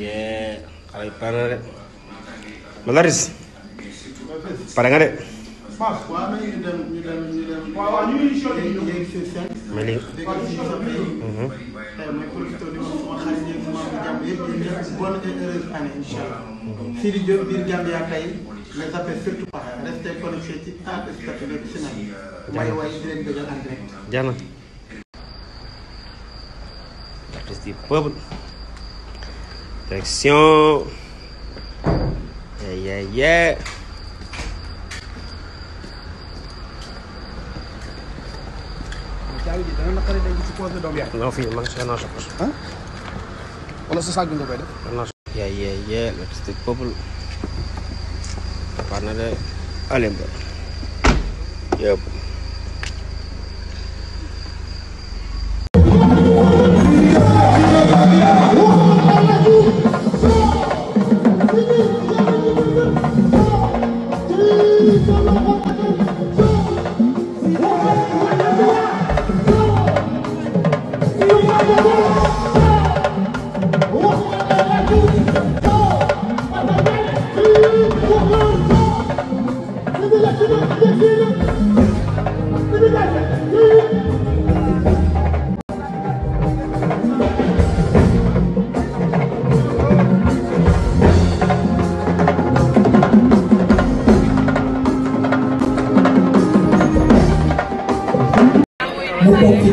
jee xale yi pare na de Malaris pare nga de. mais léegi. Sidi mm-hmm. Diop biir Gambia tey nga zappé surtout pas restez connecté ci APSTAT bi ci nag. waaye waaye di leen bëggal en direct. jàmm. artiste yi peuple. Direction. Yeah, yeah, yeah. caabi ji dana naqaree denc ci poche doom yaay. non fii man c' est non wala sa saag bi nga koy def. non yeah, yeah, yeah. le petit peuple. Parle de Alemba. Yep.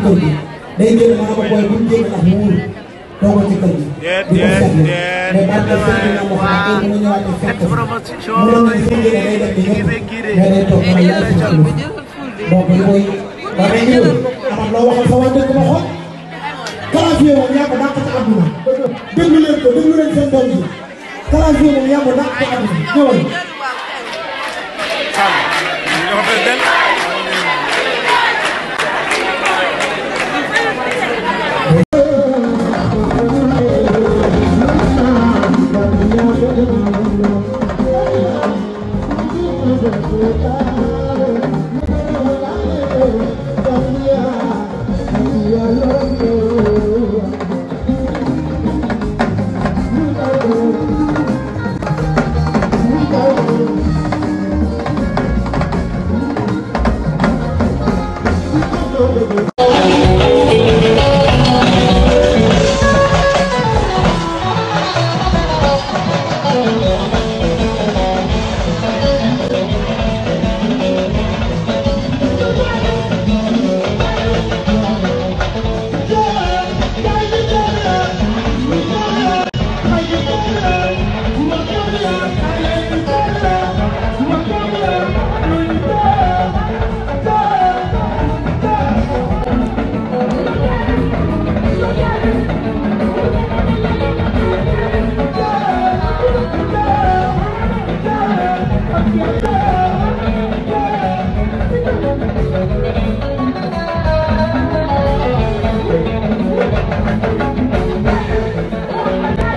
kër gi day génn ma ne ko booy bu ñu génn ndax mu wóor doog ci kër gi. di ko seetlu mais barke Serigne Ndamo xanaa tey bu ñu ñëwaatee fekk fi mu ne nii suñu génn day def di ñëw mais day toog ma yàlla ci xel donc li koy wax day ñëw amat loo waxal sama dëkk ma xool. Kalafié moom yaa ko dàq ci àdduna déglu leen ko déglu leen seen doom yi Kalafié moom yaa ko dàq ci àdduna ñëwal.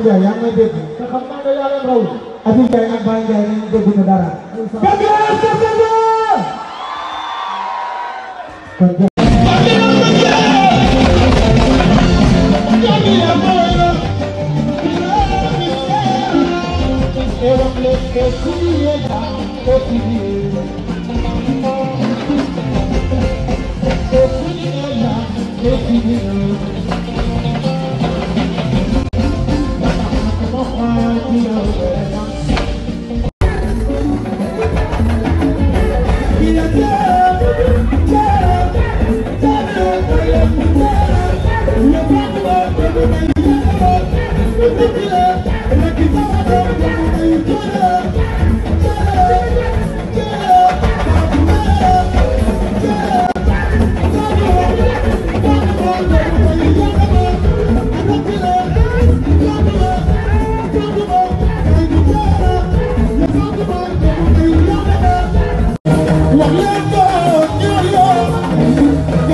Ndiaye yaa ngi may dégg. te xam naa ne yaa leen raw. Habib Ndiaye ak Baye Ndiaye ñu dégg ñu dara.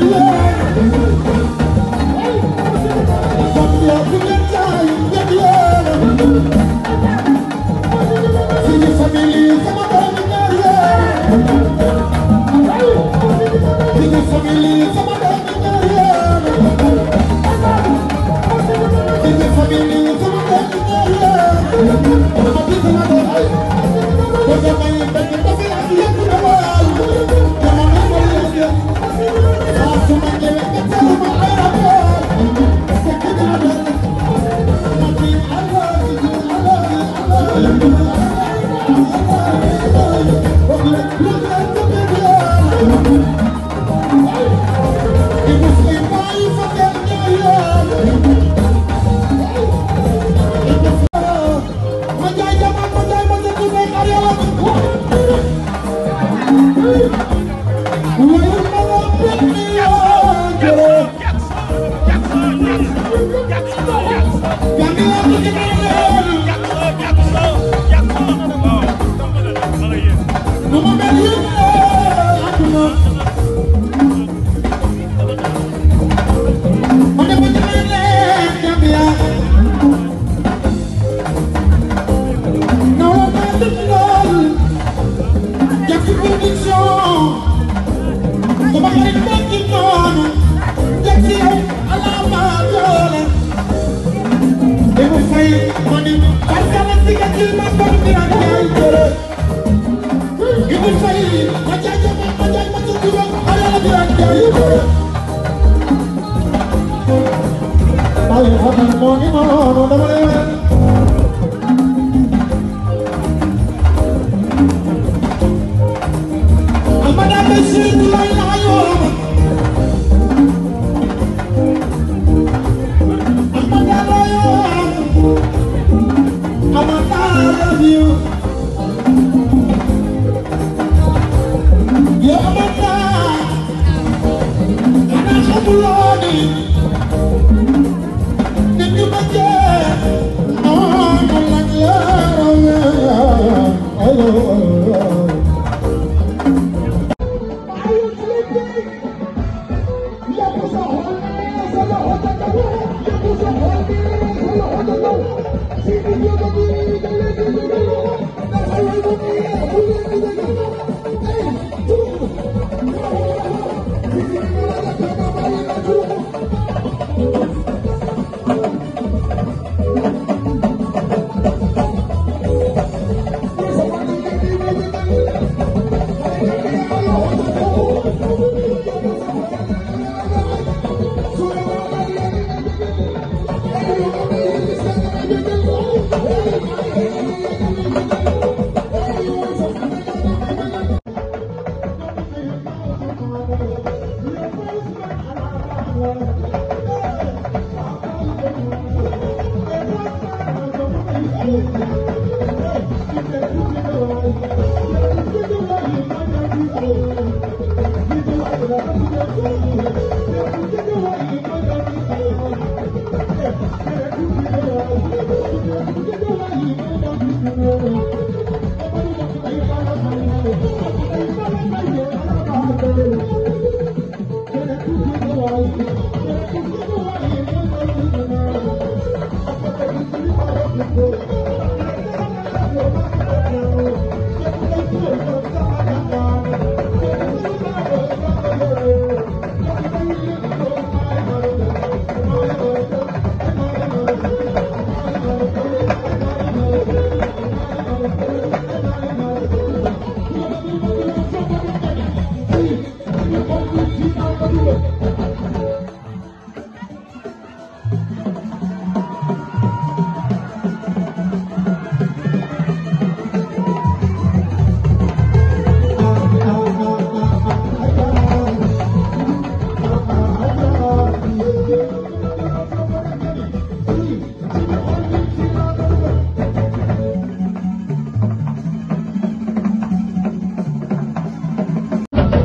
Yeah. Thank you.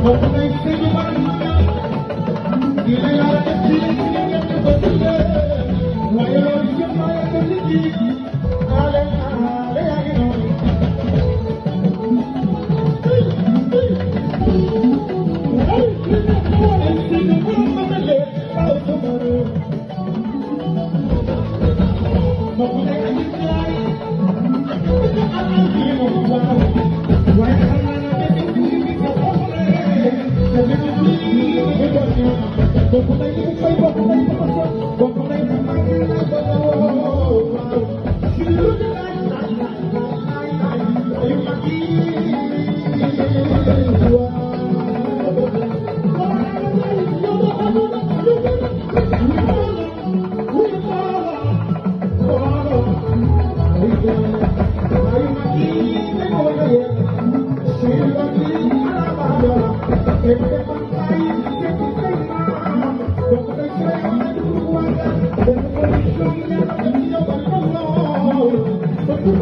Não comecei no